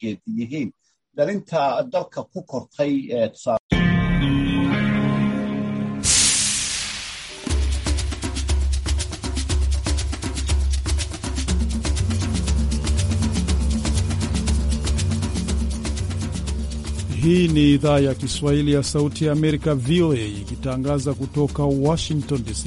geed yihiin dhalinta dalka ku kortay ee Hii ni idhaa ya Kiswahili ya Sauti ya Amerika, VOA, ikitangaza kutoka Washington DC.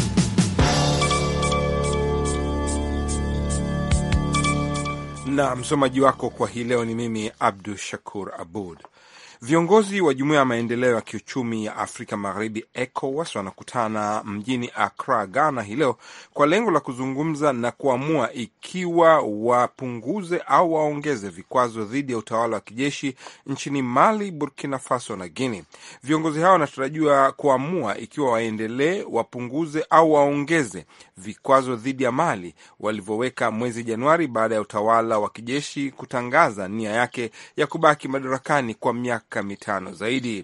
na msomaji wako kwa hii leo ni mimi Abdu Shakur Abud. Viongozi wa Jumuiya ya Maendeleo ya Kiuchumi ya Afrika Magharibi, ECOWAS, wanakutana mjini Accra, Ghana, hii leo kwa lengo la kuzungumza na kuamua ikiwa wapunguze au waongeze vikwazo dhidi ya utawala wa kijeshi nchini Mali, Burkina Faso na Guinea. Viongozi hao wanatarajiwa kuamua ikiwa waendelee, wapunguze au waongeze vikwazo dhidi ya Mali walivyoweka mwezi Januari baada ya utawala wa kijeshi kutangaza nia yake ya kubaki madarakani kwa miaka miaka mitano zaidi.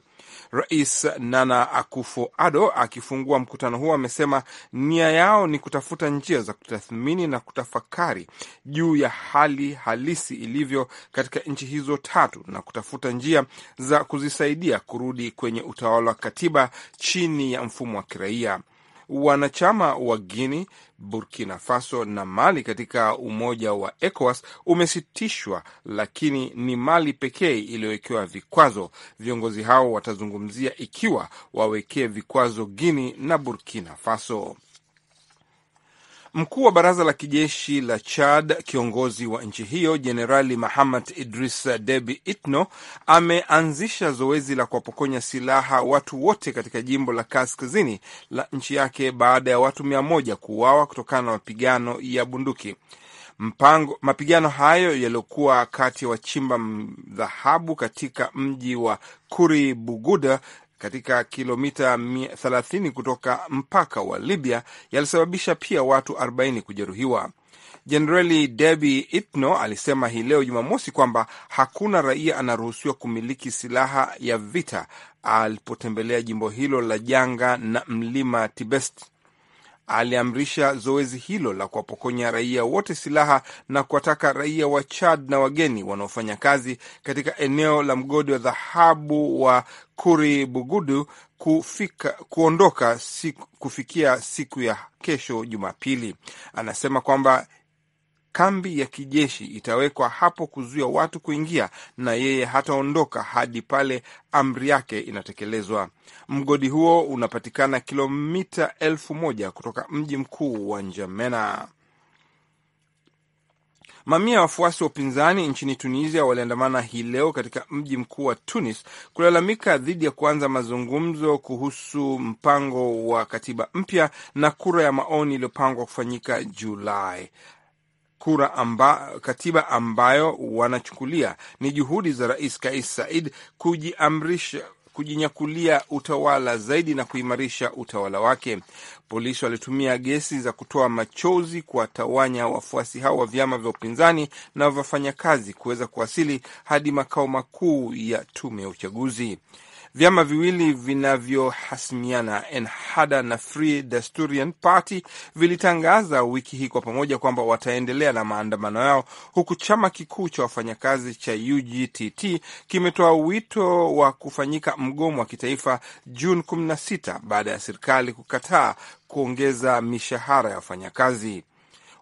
Rais Nana akufo Ado akifungua mkutano huo amesema nia yao ni kutafuta njia za kutathmini na kutafakari juu ya hali halisi ilivyo katika nchi hizo tatu na kutafuta njia za kuzisaidia kurudi kwenye utawala wa katiba chini ya mfumo wa kiraia wanachama wa guini Burkina Faso na Mali katika umoja wa ECOWAS umesitishwa, lakini ni Mali pekee iliyowekewa vikwazo. Viongozi hao watazungumzia ikiwa wawekee vikwazo guini na Burkina Faso. Mkuu wa baraza la kijeshi la Chad, kiongozi wa nchi hiyo Jenerali Mahamad Idris Debi Itno ameanzisha zoezi la kuwapokonya silaha watu wote katika jimbo la kaskazini la nchi yake baada ya watu mia moja kuuawa kutokana na mapigano ya bunduki. Mpango, mapigano hayo yaliyokuwa kati ya wachimba dhahabu katika mji wa Kuri Buguda katika kilomita 30 kutoka mpaka wa Libya yalisababisha pia watu 40 kujeruhiwa. Jenerali Debi Itno alisema hii leo Jumamosi kwamba hakuna raia anaruhusiwa kumiliki silaha ya vita alipotembelea jimbo hilo la janga na mlima Tibesti aliamrisha zoezi hilo la kuwapokonya raia wote silaha na kuwataka raia wa Chad na wageni wanaofanya kazi katika eneo la mgodi wa dhahabu wa Kuri Bugudu kufika, kuondoka siku, kufikia siku ya kesho Jumapili. Anasema kwamba Kambi ya kijeshi itawekwa hapo kuzuia watu kuingia, na yeye hataondoka hadi pale amri yake inatekelezwa. Mgodi huo unapatikana kilomita elfu moja kutoka mji mkuu wa Njamena. Mamia ya wafuasi wa upinzani nchini Tunisia waliandamana hii leo katika mji mkuu wa Tunis kulalamika dhidi ya kuanza mazungumzo kuhusu mpango wa katiba mpya na kura ya maoni iliyopangwa kufanyika Julai kura amba, katiba ambayo wanachukulia ni juhudi za Rais Kais Said kujiamrisha kujinyakulia utawala zaidi na kuimarisha utawala wake. Polisi walitumia gesi za kutoa machozi kuwatawanya wafuasi hao wa vyama vya upinzani na wafanyakazi kuweza kuwasili hadi makao makuu ya tume ya uchaguzi vyama viwili vinavyohasimiana Ennahda na Free Dasturian Party vilitangaza wiki hii kwa pamoja kwamba wataendelea na maandamano yao, huku chama kikuu cha wafanyakazi cha UGTT kimetoa wito wa kufanyika mgomo wa kitaifa Juni 16 baada ya serikali kukataa kuongeza mishahara ya wafanyakazi.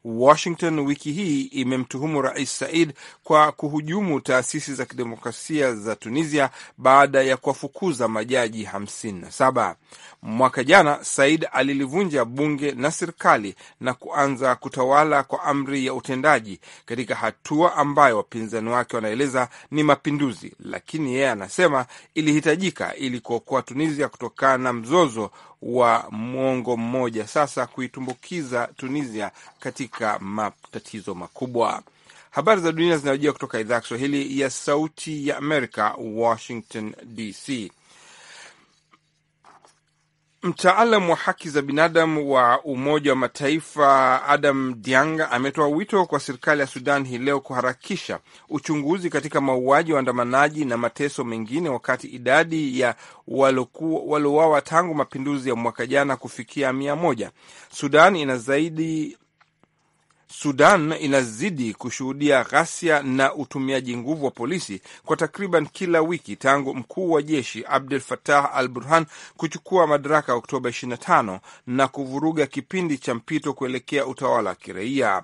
Washington wiki hii imemtuhumu Rais Said kwa kuhujumu taasisi za kidemokrasia za Tunisia baada ya kuwafukuza majaji 57. Mwaka jana Said alilivunja bunge na serikali na kuanza kutawala kwa amri ya utendaji katika hatua ambayo wapinzani wake wanaeleza ni mapinduzi, lakini yeye anasema ilihitajika ili kuokoa Tunisia kutokana na mzozo wa mwongo mmoja sasa kuitumbukiza Tunisia katika matatizo makubwa. Habari za dunia zinayojia kutoka idhaa ya Kiswahili ya Sauti ya Amerika, Washington DC. Mtaalam wa haki za binadamu wa Umoja wa Mataifa Adam Dianga ametoa wito kwa serikali ya Sudan hii leo kuharakisha uchunguzi katika mauaji ya waandamanaji na mateso mengine, wakati idadi ya waliowawa tangu mapinduzi ya mwaka jana kufikia mia moja. Sudan ina zaidi Sudan inazidi kushuhudia ghasia na utumiaji nguvu wa polisi kwa takriban kila wiki tangu mkuu wa jeshi abdul fatah al Burhan kuchukua madaraka Oktoba 25 na kuvuruga kipindi cha mpito kuelekea utawala wa kiraia.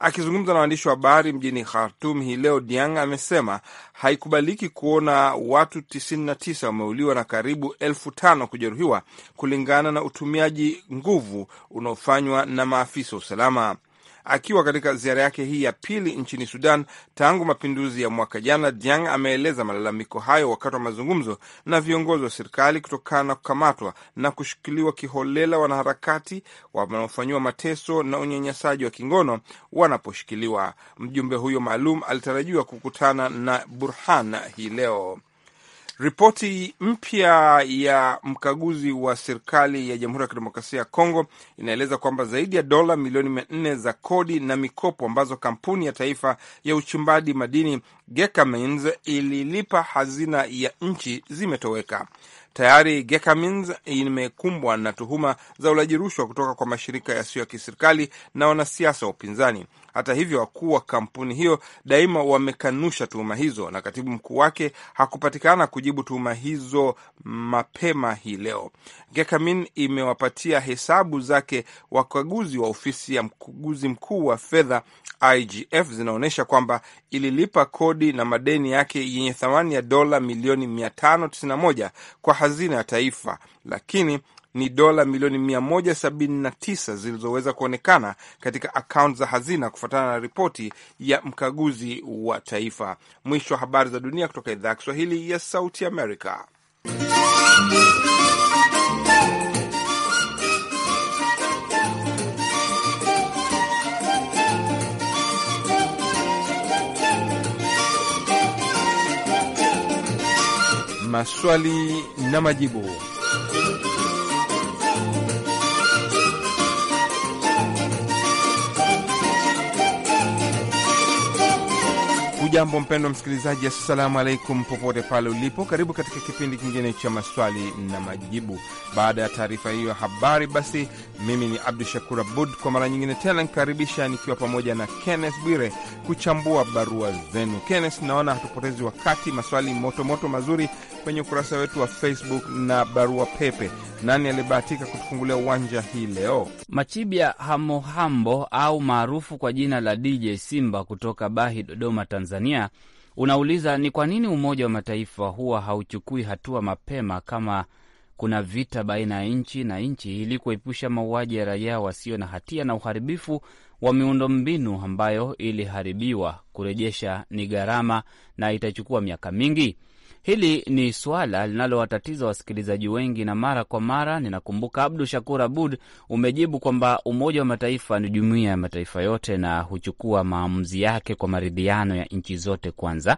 Akizungumza na waandishi wa habari mjini Khartum hii leo, Diang amesema haikubaliki kuona watu 99 wameuliwa na karibu elfu tano kujeruhiwa kulingana na utumiaji nguvu unaofanywa na maafisa wa usalama. Akiwa katika ziara yake hii ya pili nchini Sudan tangu mapinduzi ya mwaka jana, Diang ameeleza malalamiko hayo wakati wa mazungumzo na viongozi wa serikali kutokana na kukamatwa na kushikiliwa kiholela wanaharakati wanaofanyiwa mateso na unyanyasaji wa kingono wanaposhikiliwa. Mjumbe huyo maalum alitarajiwa kukutana na Burhan hii leo. Ripoti mpya ya mkaguzi wa serikali ya Jamhuri ya Kidemokrasia ya Kongo inaeleza kwamba zaidi ya dola milioni mia nne za kodi na mikopo ambazo kampuni ya taifa ya uchimbaji madini Gécamines ililipa hazina ya nchi zimetoweka. Tayari Gekamins imekumbwa na tuhuma za ulaji rushwa kutoka kwa mashirika yasiyo ya kiserikali na wanasiasa wa upinzani. Hata hivyo, wakuu wa kampuni hiyo daima wamekanusha tuhuma hizo, na katibu mkuu wake hakupatikana kujibu tuhuma hizo mapema hii leo. Gekamin imewapatia hesabu zake wakaguzi wa ofisi ya mkaguzi mkuu wa fedha IGF, zinaonyesha kwamba ililipa kodi na madeni yake yenye thamani ya dola milioni 591 kwa hazina ya taifa, lakini ni dola milioni 179 zilizoweza kuonekana katika akaunti za hazina kufuatana na ripoti ya mkaguzi wa taifa. Mwisho wa habari za dunia kutoka idhaa ya Kiswahili ya Sauti Amerika. maswali na majibu. Hujambo mpendwa msikilizaji, assalamu alaikum popote pale ulipo. Karibu katika kipindi kingine cha maswali na majibu. Baada ya taarifa hiyo ya habari, basi mimi ni Abdu Shakur Abud kwa mara nyingine tena nikikaribisha nikiwa pamoja na Kenneth Bwire kuchambua barua zenu. Kenneth, naona hatupotezi wakati, maswali motomoto moto mazuri kwenye ukurasa wetu wa Facebook na barua pepe nani alibahatika kutufungulia uwanja hii leo? Machibia Hamohambo au maarufu kwa jina la DJ Simba kutoka Bahi, Dodoma, Tanzania, unauliza ni kwa nini Umoja wa Mataifa huwa hauchukui hatua mapema kama kuna vita baina ya nchi na nchi ili kuepusha mauaji ya raia wasio na hatia na uharibifu wa miundo mbinu ambayo iliharibiwa. Kurejesha ni gharama na itachukua miaka mingi. Hili ni suala linalowatatiza wasikilizaji wengi, na mara kwa mara ninakumbuka, Abdu Shakur Abud, umejibu kwamba Umoja wa Mataifa ni jumuiya ya mataifa yote na huchukua maamuzi yake kwa maridhiano ya nchi zote kwanza,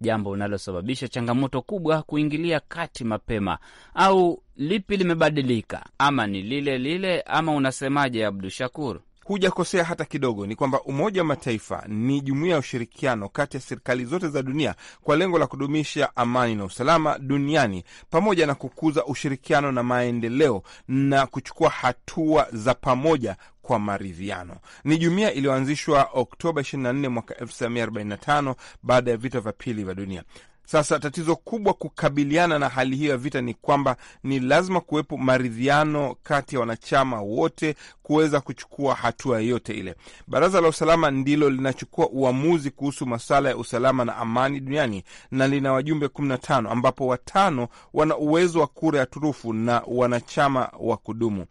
jambo linalosababisha changamoto kubwa kuingilia kati mapema. Au lipi limebadilika, ama ni lile lile, ama unasemaje, Abdu Shakur? Hujakosea hata kidogo. Ni kwamba Umoja wa Mataifa ni jumuiya ya ushirikiano kati ya serikali zote za dunia kwa lengo la kudumisha amani na usalama duniani pamoja na kukuza ushirikiano na maendeleo na kuchukua hatua za pamoja kwa maridhiano. Ni jumuiya iliyoanzishwa Oktoba 24 mwaka 1945 baada ya vita vya pili vya dunia. Sasa tatizo kubwa kukabiliana na hali hiyo ya vita ni kwamba ni lazima kuwepo maridhiano kati ya wanachama wote kuweza kuchukua hatua yoyote ile. Baraza la Usalama ndilo linachukua uamuzi kuhusu masuala ya usalama na amani duniani na lina wajumbe tano ambapo watano wana uwezo wa kura ya turufu na wanachama wa kudumu.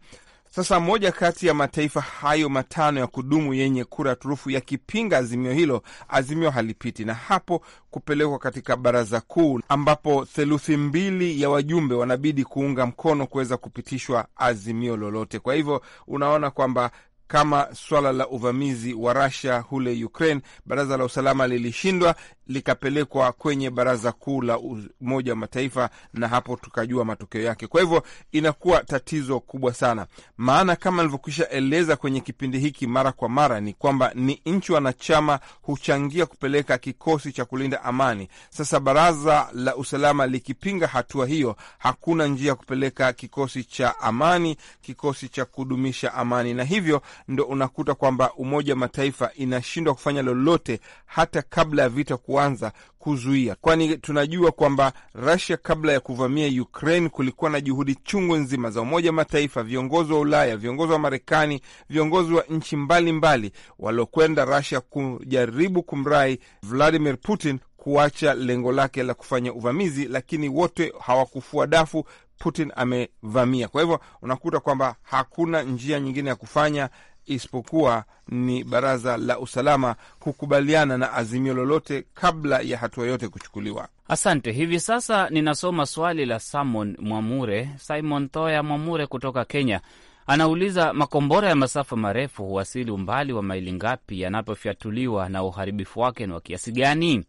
Sasa moja kati ya mataifa hayo matano ya kudumu yenye kura turufu yakipinga azimio hilo, azimio halipiti, na hapo kupelekwa katika baraza kuu, ambapo theluthi mbili ya wajumbe wanabidi kuunga mkono kuweza kupitishwa azimio lolote. Kwa hivyo unaona kwamba kama swala la uvamizi wa rasia hule Ukraine, baraza la usalama lilishindwa likapelekwa kwenye baraza kuu la Umoja wa Mataifa, na hapo tukajua matokeo yake. Kwa hivyo inakuwa tatizo kubwa sana, maana kama nilivyokwisha eleza kwenye kipindi hiki mara kwa mara ni kwamba ni nchi wanachama huchangia kupeleka kikosi cha kulinda amani. Sasa baraza la usalama likipinga hatua hiyo, hakuna njia ya kupeleka kikosi cha amani, kikosi cha kudumisha amani, na hivyo ndo unakuta kwamba Umoja wa Mataifa inashindwa kufanya lolote hata kabla ya vita kuanza kuzuia, kwani tunajua kwamba Russia kabla ya kuvamia Ukraine kulikuwa na juhudi chungu nzima za Umoja wa Mataifa, viongozi wa Ulaya, viongozi wa Marekani, viongozi wa nchi mbalimbali waliokwenda Russia kujaribu kumrai Vladimir Putin kuacha lengo lake la kufanya uvamizi, lakini wote hawakufua dafu Putin amevamia. Kwa hivyo unakuta kwamba hakuna njia nyingine ya kufanya isipokuwa ni baraza la usalama kukubaliana na azimio lolote kabla ya hatua yote kuchukuliwa. Asante. Hivi sasa ninasoma swali la Simon Mwamure, Simon Thoya Mwamure kutoka Kenya. Anauliza, makombora ya masafa marefu huwasili umbali wa maili ngapi yanapofyatuliwa na uharibifu wake ni wa kiasi gani?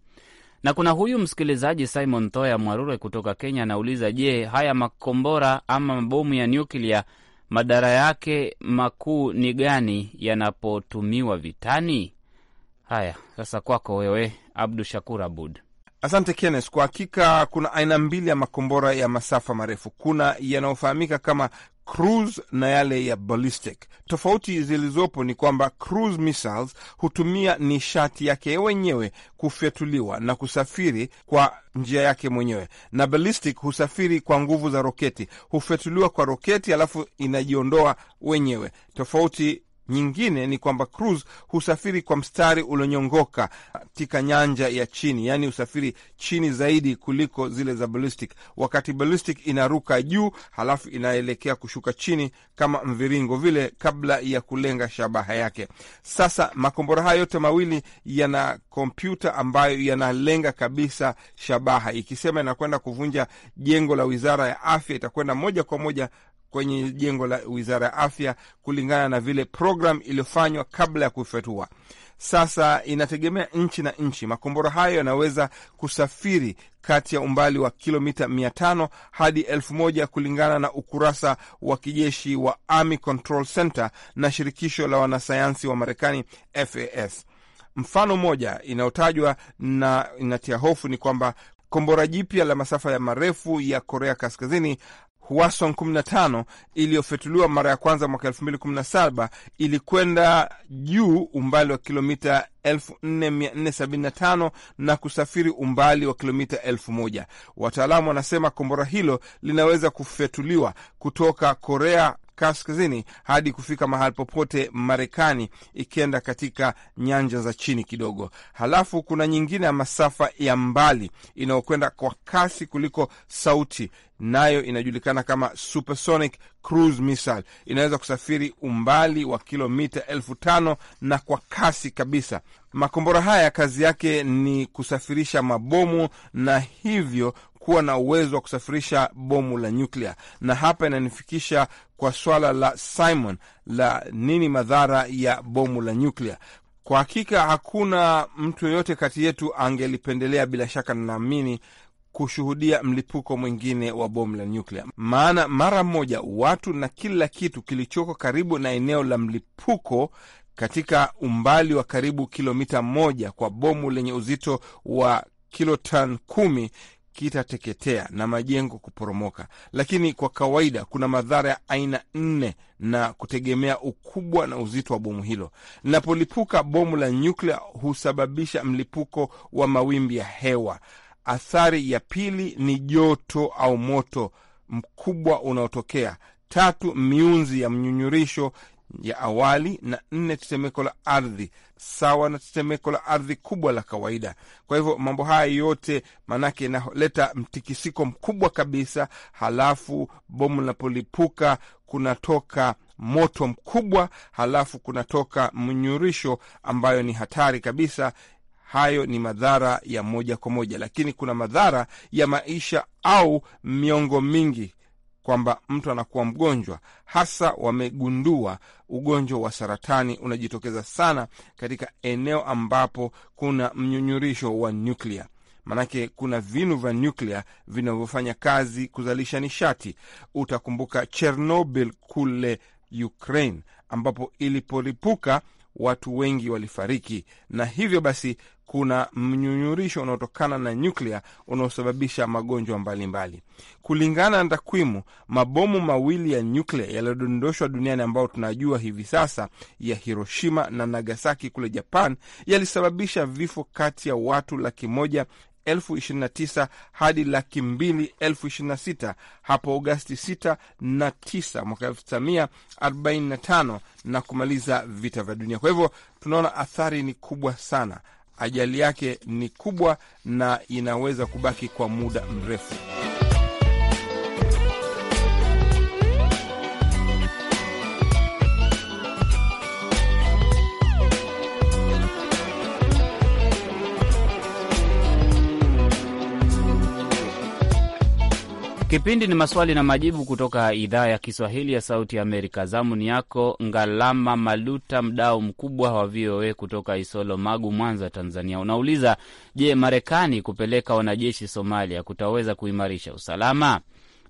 Na kuna huyu msikilizaji Simon Thoya Mwarure kutoka Kenya anauliza, je, haya makombora ama mabomu ya nyuklia madhara yake makuu ni gani yanapotumiwa vitani? Haya, sasa kwako wewe Abdu Shakur Abud. Asante Kennes. Kwa hakika kuna aina mbili ya makombora ya masafa marefu. Kuna yanayofahamika kama cruise na yale ya ballistic. Tofauti zilizopo ni kwamba cruise missiles hutumia nishati yake wenyewe kufyatuliwa na kusafiri kwa njia yake mwenyewe, na ballistic husafiri kwa nguvu za roketi, hufyatuliwa kwa roketi alafu inajiondoa wenyewe. Tofauti nyingine ni kwamba Cruz husafiri kwa mstari ulionyongoka katika nyanja ya chini, yaani usafiri chini zaidi kuliko zile za ballistic, wakati ballistic inaruka juu halafu inaelekea kushuka chini kama mviringo vile, kabla ya kulenga shabaha yake. Sasa makombora hayo yote mawili yana kompyuta ambayo yanalenga kabisa shabaha. Ikisema inakwenda kuvunja jengo la wizara ya afya, itakwenda moja kwa moja kwenye jengo la wizara ya afya kulingana na vile programu iliyofanywa kabla ya kufyatua. Sasa inategemea nchi na nchi. Makombora hayo yanaweza kusafiri kati ya umbali wa kilomita mia tano hadi elfu moja kulingana na ukurasa wa kijeshi wa Army Control Center na shirikisho la wanasayansi wa Marekani FAS. Mfano moja inayotajwa na inatia hofu ni kwamba kombora jipya la masafa ya marefu ya Korea Kaskazini Hwasong 15 iliyofetuliwa mara ya kwanza mwaka 2017 ilikwenda juu umbali wa kilomita 4475 na kusafiri umbali wa kilomita 1000. Wataalamu wanasema kombora hilo linaweza kufetuliwa kutoka Korea kaskazini hadi kufika mahali popote Marekani, ikienda katika nyanja za chini kidogo. Halafu kuna nyingine ya masafa ya mbali inayokwenda kwa kasi kuliko sauti, nayo inajulikana kama supersonic cruise missile. Inaweza kusafiri umbali wa kilomita elfu tano na kwa kasi kabisa. Makombora haya kazi yake ni kusafirisha mabomu na hivyo kuwa na uwezo wa kusafirisha bomu la nyuklia, na hapa inanifikisha kwa swala la Simon la nini madhara ya bomu la nyuklia. Kwa hakika hakuna mtu yoyote kati yetu angelipendelea, bila shaka ninaamini, kushuhudia mlipuko mwingine wa bomu la nyuklia, maana mara moja watu na kila kitu kilichoko karibu na eneo la mlipuko katika umbali wa karibu kilomita moja kwa bomu lenye uzito wa kilotan kumi kitateketea na majengo kuporomoka. Lakini kwa kawaida kuna madhara ya aina nne na kutegemea ukubwa na uzito wa bomu hilo. Linapolipuka, bomu la nyuklia husababisha mlipuko wa mawimbi ya hewa. Athari ya pili ni joto au moto mkubwa unaotokea. Tatu, miunzi ya mnyunyurisho ya awali na nne tetemeko la ardhi sawa na tetemeko la ardhi kubwa la kawaida. Kwa hivyo mambo haya yote maanake inaleta mtikisiko mkubwa kabisa, halafu bomu linapolipuka kunatoka moto mkubwa, halafu kunatoka mnyurisho ambayo ni hatari kabisa. Hayo ni madhara ya moja kwa moja, lakini kuna madhara ya maisha au miongo mingi kwamba mtu anakuwa mgonjwa. Hasa wamegundua ugonjwa wa saratani unajitokeza sana katika eneo ambapo kuna mnyunyurisho wa nyuklia, maanake kuna vinu vya nyuklia vinavyofanya kazi kuzalisha nishati. Utakumbuka Chernobyl kule Ukraine ambapo iliporipuka watu wengi walifariki, na hivyo basi kuna mnyunyurisho unaotokana na nyuklia unaosababisha magonjwa mbalimbali mbali. Kulingana na takwimu, mabomu mawili ya nyuklia yaliyodondoshwa duniani ambayo tunajua hivi sasa ya Hiroshima na Nagasaki kule Japan yalisababisha vifo kati ya watu laki moja elfu ishirini na tisa hadi laki mbili elfu ishirini na sita hapo Agosti 6 na 9 mwaka 1945 na kumaliza vita vya dunia. Kwa hivyo tunaona athari ni kubwa sana ajali yake ni kubwa na inaweza kubaki kwa muda mrefu. Kipindi ni maswali na majibu kutoka idhaa ya Kiswahili ya Sauti ya Amerika. Zamu ni yako Ngalama Maluta, mdau mkubwa wa VOA kutoka Isolo Magu, Mwanza, Tanzania. Unauliza, je, Marekani kupeleka wanajeshi Somalia kutaweza kuimarisha usalama?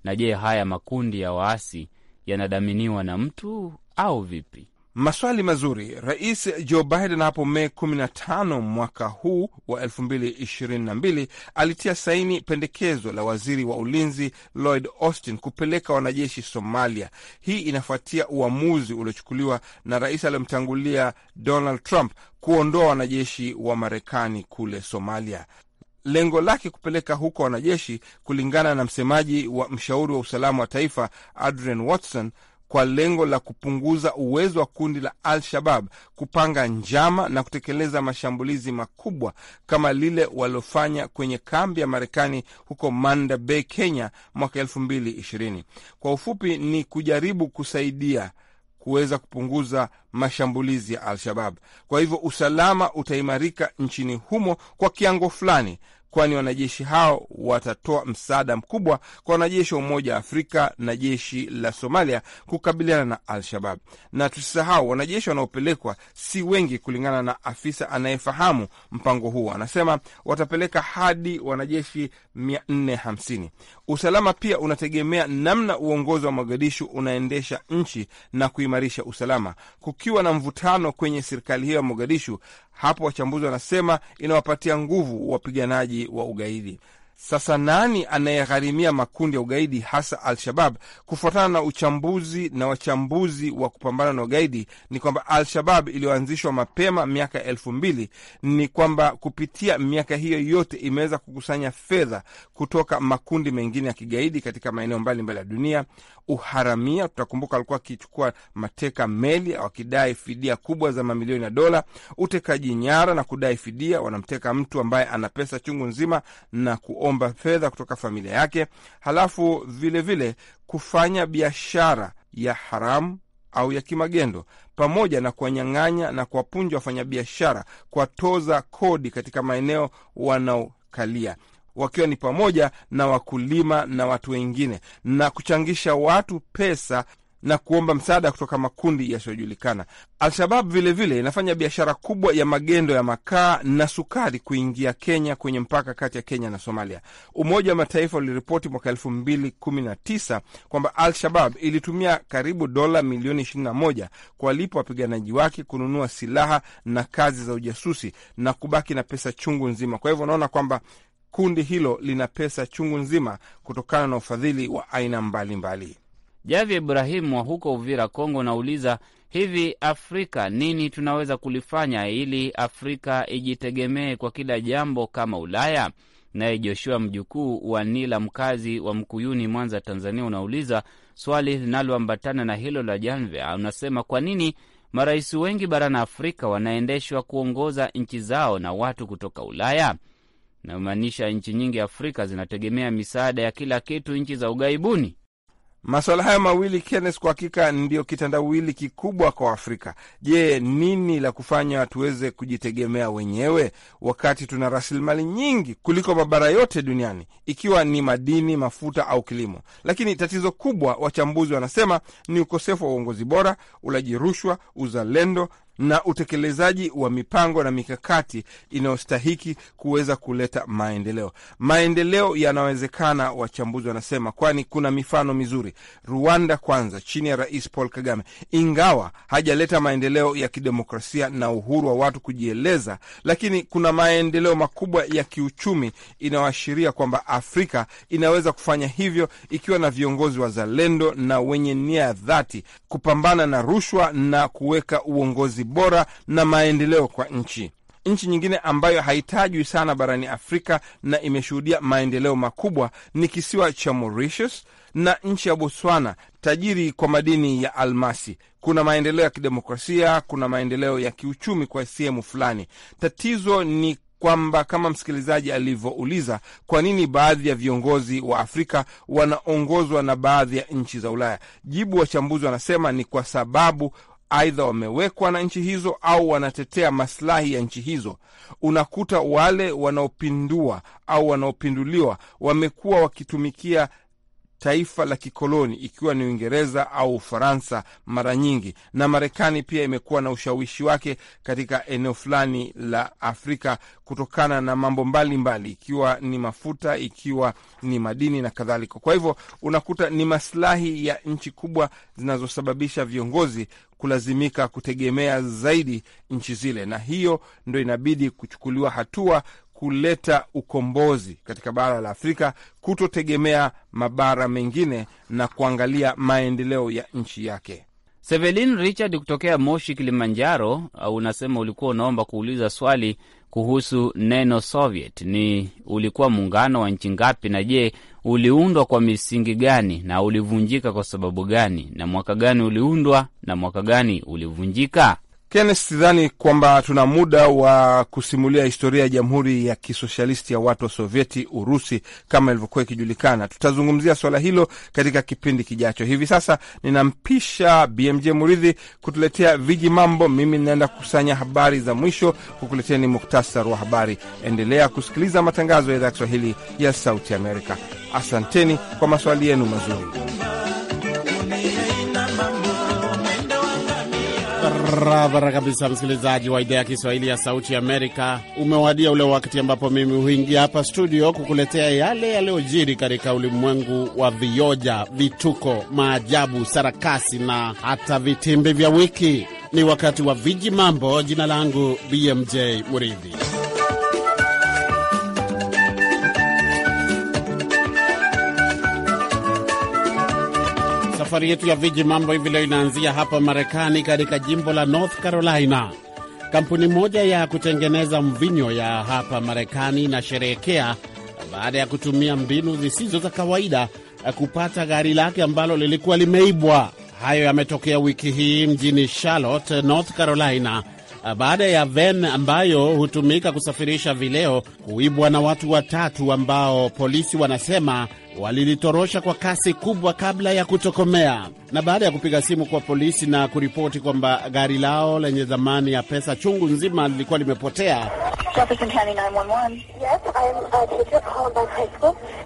Na je, haya makundi ya waasi yanadhaminiwa na mtu au vipi? Maswali mazuri. Rais Joe Biden hapo Mei 15 mwaka huu wa 2022 alitia saini pendekezo la waziri wa ulinzi Lloyd Austin kupeleka wanajeshi Somalia. Hii inafuatia uamuzi uliochukuliwa na rais aliyomtangulia Donald Trump kuondoa wanajeshi wa Marekani kule Somalia. Lengo lake kupeleka huko wanajeshi, kulingana na msemaji wa mshauri wa usalama wa taifa Adrian Watson, kwa lengo la kupunguza uwezo wa kundi la Al-Shabab kupanga njama na kutekeleza mashambulizi makubwa kama lile waliofanya kwenye kambi ya Marekani huko Manda Bay, Kenya mwaka elfu mbili ishirini. Kwa ufupi ni kujaribu kusaidia kuweza kupunguza mashambulizi ya Al-Shabab. Kwa hivyo usalama utaimarika nchini humo kwa kiango fulani, kwani wanajeshi hao watatoa msaada mkubwa kwa wanajeshi wa Umoja wa Afrika na jeshi la Somalia kukabiliana na Al-Shabab. Na tusisahau wanajeshi wanaopelekwa si wengi, kulingana na afisa anayefahamu mpango huo, anasema watapeleka hadi wanajeshi 450. Usalama pia unategemea namna uongozi wa Mogadishu unaendesha nchi na kuimarisha usalama. Kukiwa na mvutano kwenye serikali hiyo ya Mogadishu, hapo wachambuzi wanasema inawapatia nguvu wapiganaji wa ugaidi. Sasa nani anayegharimia makundi ya ugaidi hasa Al-Shabab? Kufuatana na uchambuzi na wachambuzi wa kupambana na ugaidi ni kwamba Al-Shabab iliyoanzishwa mapema miaka elfu mbili ni kwamba kupitia miaka hiyo yote imeweza kukusanya fedha kutoka makundi mengine ya kigaidi katika maeneo mbalimbali ya dunia. Uharamia, tutakumbuka, alikuwa akichukua mateka meli wakidai fidia kubwa za mamilioni ya dola. Utekaji nyara na kudai fidia, wanamteka mtu ambaye ana pesa chungu nzima na kuo kuomba fedha kutoka familia yake, halafu vilevile vile kufanya biashara ya haramu au ya kimagendo pamoja na kuwanyang'anya na kuwapunja wafanyabiashara, kuwatoza kodi katika maeneo wanaokalia wakiwa ni pamoja na wakulima na watu wengine, na kuchangisha watu pesa na kuomba msaada kutoka makundi yasiyojulikana. Al-Shabab vilevile inafanya biashara kubwa ya magendo ya makaa na sukari kuingia Kenya kwenye mpaka kati ya Kenya na Somalia. Umoja wa Mataifa uliripoti mwaka elfu mbili kumi na tisa kwamba Al-Shabab ilitumia karibu dola milioni moja kuwalipa wapiganaji wake, kununua silaha na kazi za ujasusi na kubaki na pesa chungu nzima. Kwa hivyo unaona kwamba kundi hilo lina pesa chungu nzima kutokana na ufadhili wa aina mbalimbali mbali. Javi Ibrahimu wa huko Uvira, Kongo, unauliza hivi, Afrika nini tunaweza kulifanya ili Afrika ijitegemee kwa kila jambo kama Ulaya? Naye Joshua mjukuu wa Nila, mkazi wa Mkuyuni, Mwanza, Tanzania, unauliza swali linaloambatana na hilo la Janvea, unasema kwa nini marais wengi barani Afrika wanaendeshwa kuongoza nchi zao na watu kutoka Ulaya? Namaanisha nchi nyingi Afrika zinategemea misaada ya kila kitu nchi za ughaibuni. Masuala hayo mawili Kenneth, kwa hakika ndio kitandawili kikubwa kwa Afrika. Je, nini la kufanya tuweze kujitegemea wenyewe wakati tuna rasilimali nyingi kuliko mabara yote duniani, ikiwa ni madini, mafuta au kilimo? Lakini tatizo kubwa, wachambuzi wanasema, ni ukosefu wa uongozi bora, ulaji rushwa, uzalendo na utekelezaji wa mipango na mikakati inayostahiki kuweza kuleta maendeleo. Maendeleo yanawezekana, wachambuzi wanasema, kwani kuna mifano mizuri. Rwanda kwanza, chini ya Rais Paul Kagame, ingawa hajaleta maendeleo ya kidemokrasia na uhuru wa watu kujieleza, lakini kuna maendeleo makubwa ya kiuchumi inayoashiria kwamba Afrika inaweza kufanya hivyo ikiwa na viongozi wazalendo na wenye nia ya dhati kupambana na rushwa na kuweka uongozi bora na maendeleo kwa nchi. Nchi nyingine ambayo haitajwi sana barani Afrika na imeshuhudia maendeleo makubwa ni kisiwa cha Mauritius na nchi ya Botswana, tajiri kwa madini ya almasi. Kuna maendeleo ya kidemokrasia, kuna maendeleo ya kiuchumi kwa sehemu fulani. Tatizo ni kwamba kama msikilizaji alivyouliza, kwa nini baadhi ya viongozi wa Afrika wanaongozwa na baadhi ya nchi za Ulaya? Jibu wachambuzi wanasema ni kwa sababu aidha wamewekwa na nchi hizo au wanatetea maslahi ya nchi hizo. Unakuta wale wanaopindua au wanaopinduliwa wamekuwa wakitumikia taifa la kikoloni ikiwa ni Uingereza au Ufaransa mara nyingi, na Marekani pia imekuwa na ushawishi wake katika eneo fulani la Afrika kutokana na mambo mbalimbali mbali, ikiwa ni mafuta, ikiwa ni madini na kadhalika. Kwa hivyo unakuta ni masilahi ya nchi kubwa zinazosababisha viongozi kulazimika kutegemea zaidi nchi zile, na hiyo ndo inabidi kuchukuliwa hatua kuleta ukombozi katika bara la Afrika, kutotegemea mabara mengine na kuangalia maendeleo ya nchi yake. Sevelin Richard kutokea Moshi, Kilimanjaro, unasema ulikuwa unaomba kuuliza swali kuhusu neno Soviet. Ni ulikuwa muungano wa nchi ngapi, na je, uliundwa kwa misingi gani na ulivunjika kwa sababu gani, na mwaka gani uliundwa na mwaka gani ulivunjika? Kenneth, sidhani kwamba tuna muda wa kusimulia historia ya Jamhuri ya kisosialisti ya watu wa Sovieti, Urusi, kama ilivyokuwa ikijulikana. Tutazungumzia swala hilo katika kipindi kijacho. Hivi sasa ninampisha BMJ Muridhi kutuletea viji mambo. Mimi ninaenda kukusanya habari za mwisho kukuletea ni muktasar wa habari. Endelea kusikiliza matangazo ya idhaa ya Kiswahili ya Sauti Amerika. Asanteni kwa maswali yenu mazuri. Barabara kabisa, msikilizaji wa idhaa ya Kiswahili ya Sauti Amerika, umewadia ule wakati ambapo mimi huingia hapa studio kukuletea yale yaliyojiri katika ulimwengu wa vioja, vituko, maajabu, sarakasi na hata vitimbi vya wiki. Ni wakati wa viji mambo. Jina langu BMJ Muridhi. Safari yetu ya viji mambo hivi leo inaanzia hapa Marekani, katika jimbo la North Carolina. Kampuni moja ya kutengeneza mvinyo ya hapa Marekani inasherehekea baada ya kutumia mbinu zisizo za kawaida kupata gari lake ambalo lilikuwa limeibwa. Hayo yametokea wiki hii mjini Charlotte, North Carolina Eh, baada ya ven ambayo hutumika kusafirisha vileo kuibwa na watu watatu ambao polisi wanasema walilitorosha kwa kasi kubwa kabla ya kutokomea. Na baada ya kupiga simu kwa polisi na kuripoti kwamba gari lao lenye dhamani ya pesa chungu nzima lilikuwa limepotea,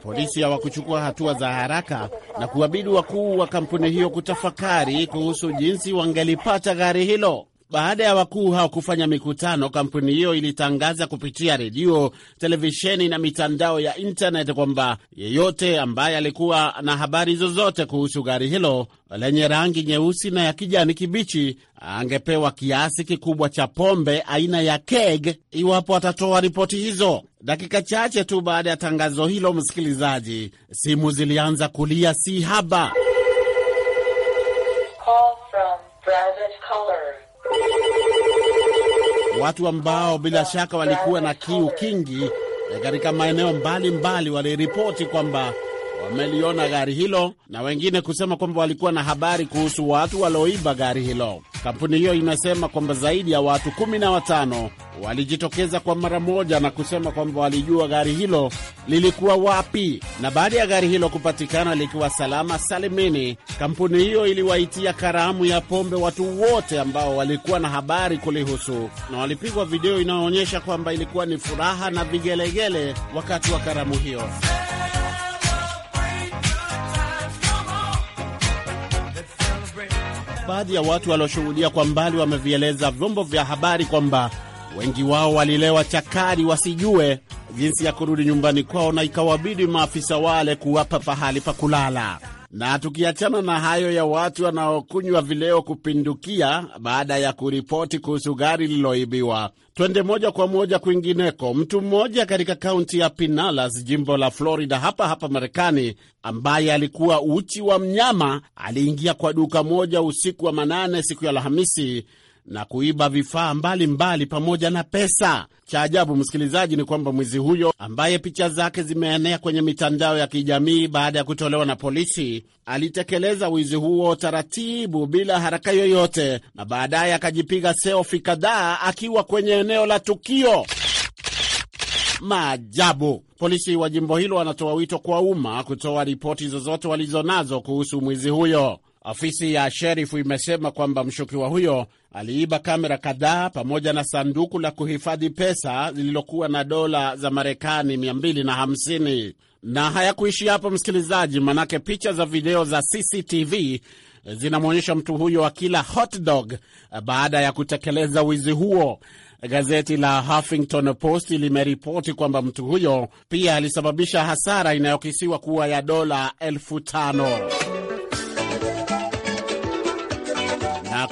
polisi hawakuchukua hatua za haraka na kuwabidi wakuu wa kampuni hiyo kutafakari kuhusu jinsi wangelipata gari hilo. Baada ya wakuu hao kufanya mikutano, kampuni hiyo ilitangaza kupitia redio, televisheni na mitandao ya intanet kwamba yeyote ambaye alikuwa na habari zozote kuhusu gari hilo lenye rangi nyeusi na ya kijani kibichi angepewa kiasi kikubwa cha pombe aina ya keg iwapo atatoa ripoti hizo. Dakika chache tu baada ya tangazo hilo, msikilizaji, simu zilianza kulia si haba. watu ambao bila shaka walikuwa na kiu kingi eh, katika maeneo mbalimbali waliripoti kwamba wameliona gari hilo na wengine kusema kwamba walikuwa na habari kuhusu watu walioiba gari hilo. Kampuni hiyo imesema kwamba zaidi ya watu kumi na watano walijitokeza kwa mara moja na kusema kwamba walijua gari hilo lilikuwa wapi, na baada ya gari hilo kupatikana likiwa salama salimini, kampuni hiyo iliwaitia karamu ya pombe watu wote ambao walikuwa na habari kulihusu, na walipigwa video inayoonyesha kwamba ilikuwa ni furaha na vigelegele wakati wa karamu hiyo. baadhi ya watu walioshuhudia kwa mbali wamevieleza vyombo vya habari kwamba wengi wao walilewa chakari wasijue jinsi ya kurudi nyumbani kwao, na ikawabidi maafisa wale kuwapa pahali pa kulala. Na tukiachana na hayo ya watu wanaokunywa vileo kupindukia baada ya kuripoti kuhusu gari lililoibiwa, twende moja kwa moja kwingineko. Mtu mmoja katika kaunti ya Pinellas, jimbo la Florida, hapa hapa Marekani, ambaye alikuwa uchi wa mnyama aliingia kwa duka moja usiku wa manane siku ya Alhamisi na kuiba vifaa mbalimbali pamoja na pesa. Cha ajabu, msikilizaji, ni kwamba mwizi huyo ambaye picha zake zimeenea kwenye mitandao ya kijamii baada ya kutolewa na polisi alitekeleza wizi huo taratibu, bila haraka yoyote, na baadaye akajipiga selfie kadhaa akiwa kwenye eneo la tukio. Maajabu. Polisi wa jimbo hilo wanatoa wito kwa umma kutoa ripoti zozote walizonazo kuhusu mwizi huyo. Ofisi ya sherifu imesema kwamba mshukiwa huyo aliiba kamera kadhaa pamoja na sanduku la kuhifadhi pesa lililokuwa na dola za Marekani 250. Na hayakuishi hapo, msikilizaji, manake picha za video za CCTV zinamwonyesha mtu huyo akila hot dog baada ya kutekeleza wizi huo. Gazeti la Huffington Post limeripoti kwamba mtu huyo pia alisababisha hasara inayokisiwa kuwa ya dola elfu tano.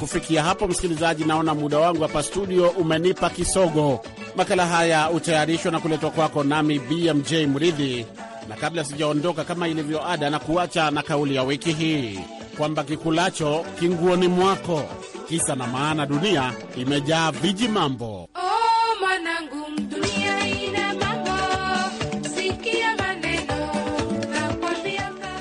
kufikia hapo, msikilizaji, naona muda wangu hapa studio umenipa kisogo. Makala haya hutayarishwa na kuletwa kwako nami BMJ Mridhi, na kabla sijaondoka, kama ilivyo ada, na kuacha na kauli ya wiki hii kwamba kikulacho kinguoni mwako. Kisa na maana, dunia imejaa viji mambo. Oh, mwanangu dunia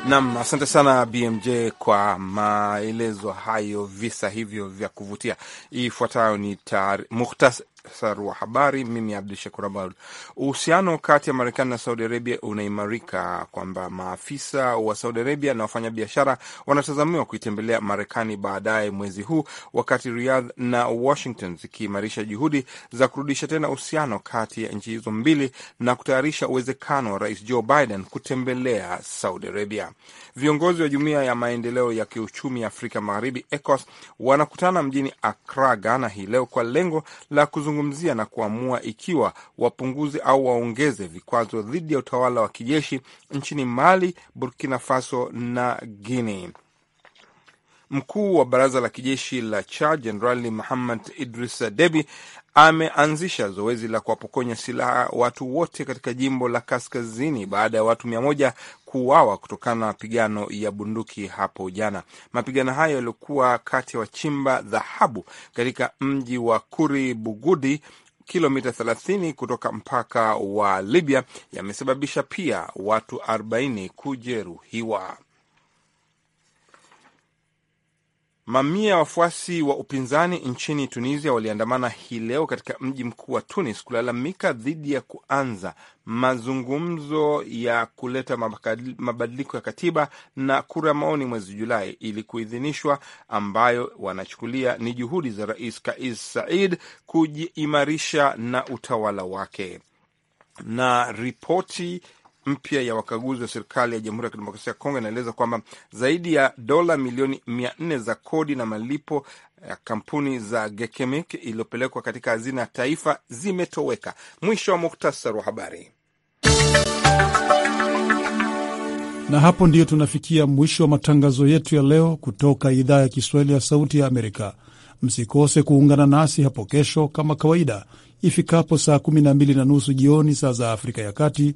Nam, asante sana BMJ kwa maelezo hayo, visa hivyo vya kuvutia. Ifuatayo ni muhtasari Muktasari wa habari. Mimi Abdu Shakur Abud. Uhusiano kati ya Marekani na Saudi Arabia unaimarika kwamba maafisa wa Saudi Arabia na wafanyabiashara wanatazamiwa kuitembelea Marekani baadaye mwezi huu, wakati Riyadh na Washington zikiimarisha juhudi za kurudisha tena uhusiano kati ya nchi hizo mbili na kutayarisha uwezekano wa Rais Joe Biden kutembelea Saudi Arabia. Viongozi wa Jumuiya ya Maendeleo ya Kiuchumi ya Afrika Magharibi, ECOWAS, wanakutana mjini Accra, Ghana hii leo kwa lengo la kuzungumza kuzungumzia na kuamua ikiwa wapunguze au waongeze vikwazo dhidi ya utawala wa kijeshi nchini Mali, Burkina Faso na Guinea. Mkuu wa baraza la kijeshi la Chad Jenerali Muhammad Idris Debi ameanzisha zoezi la kuwapokonya silaha watu wote katika jimbo la kaskazini baada ya watu mia moja kuuawa kutokana na mapigano ya bunduki hapo jana. Mapigano hayo yalikuwa kati ya wachimba dhahabu katika mji wa Kuri Bugudi, kilomita 30 kutoka mpaka wa Libya, yamesababisha pia watu 40 kujeruhiwa. Mamia ya wafuasi wa upinzani nchini Tunisia waliandamana hii leo katika mji mkuu wa Tunis kulalamika dhidi ya kuanza mazungumzo ya kuleta mabadiliko ya katiba na kura maoni mwezi Julai ili kuidhinishwa, ambayo wanachukulia ni juhudi za Rais Kais Saied kujiimarisha na utawala wake na ripoti mpya ya wakaguzi wa serikali ya Jamhuri ya Kidemokrasia ya Kongo inaeleza kwamba zaidi ya dola milioni mia nne za kodi na malipo ya kampuni za Gekemik iliyopelekwa katika hazina ya taifa zimetoweka. Mwisho wa muktasari wa habari. Na hapo ndiyo tunafikia mwisho wa matangazo yetu ya leo kutoka idhaa ya Kiswahili ya Sauti ya Amerika. Msikose kuungana nasi hapo kesho kama kawaida ifikapo saa 12 na nusu jioni saa za Afrika ya Kati